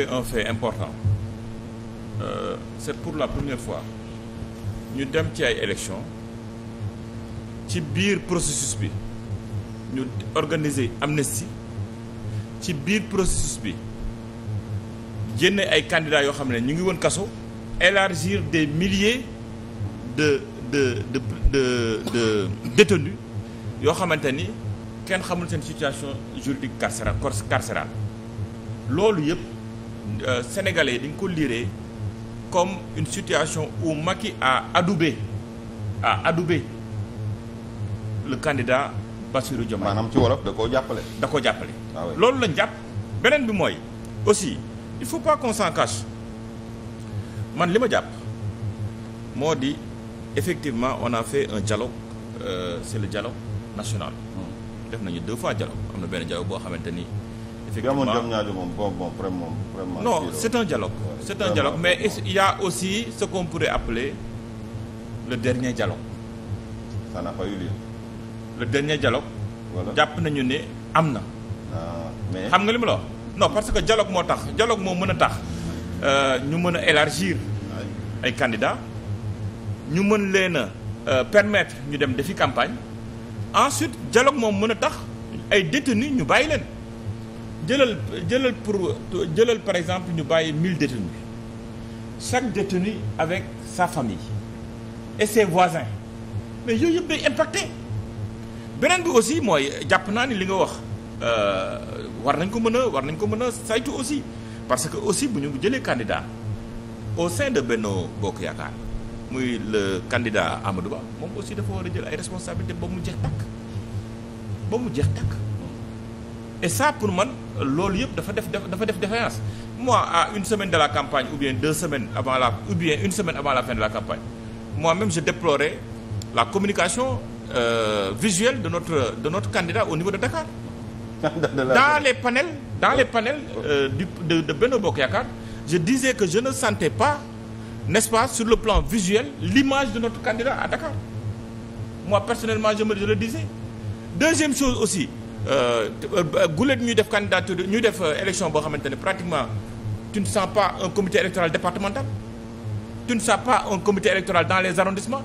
fait un fait important euh, c'est pour la première fois ñu dem ci ay élections ci biir processus bi ñu organiser amnistie ci biir processus bi génne ay candidats yoo xam ne ñu ngi woon kaso élargir des milliers de de de de de yoo xamante ni kenn xamul seen situation juridique carcérale corse carcérale loolu yëpp. Euh, sénégalais di nga ko lire comme une situation où Macky a adoubé a adoubé le candidat Bassirou Diomaye. maanaam ci wolof da koo jàppale. da koo jàppale. Ah loolu lañ jàpp beneen bi mooy aussi il faut pas qu'on s'en man li ma jàpp moo di effectivement on a fait un dialogue euh, c'est le dialogue national. Hmm. def nañu deux fois dialogue am na benn dialogue boo xamante ni. effectivement bon bon vraiment vraiment non c'est un dialogue c'est un dialogue mais il y a aussi ce qu'on pourrait appeler le dernier dialogue ça n'a pas eu lieu le dernier dialogue jàpp nañu ne am na ah, xam nga li ma la wax non parce que dialogue moo tax dialogue moo mën a tax euh, ñu mën a élargir ay candidats ñu mën leen a euh, permettre ñu dem defi campagne ensuite dialogue moom mën a tax ay détenus ñu bàyyi leen jëlal jëlal pour jëlal par exemple ñu bàyyi mille détenus chaque détenu avec sa famille et ses mais yooyu yëpp day impacté beneen bi aussi mooy jàpp naa ni li nga wax euh, war nañ ko mën a war nañ ko mën a saytu aussi parce que aussi bu ñu jëlee candidat au sein de Benno Bokk Yaakaar muy le candidat Amadou Ba moom aussi dafa war a jël ay responsabilités ba mu jeex takk ba mu jeex takk et ça pour man loolu yëpp dafa def dafa def défaillance moi à une semaine de la campagne ou bien deux semaines avant la ou bien une semaine avant la fin de la campagne moi-même je déplorais la communication euh, visuelle de notre de notre candidat au niveau de Dakar. dans les panels dans les panels euh, du de de Benno Bokk Yaakaar je disais que je ne sentais pas n'est-ce pas sur le plan visuel l'image de notre candidat à Dakar moi personnellement je me je le disais deuxième chose aussi. Euh, gulet ñuy def candidature ñuy def euh, élection boo xamante ne pratiquement tu ne pas un comité électoral départemental tu ne sens pas un comité électoral dans les arrondissements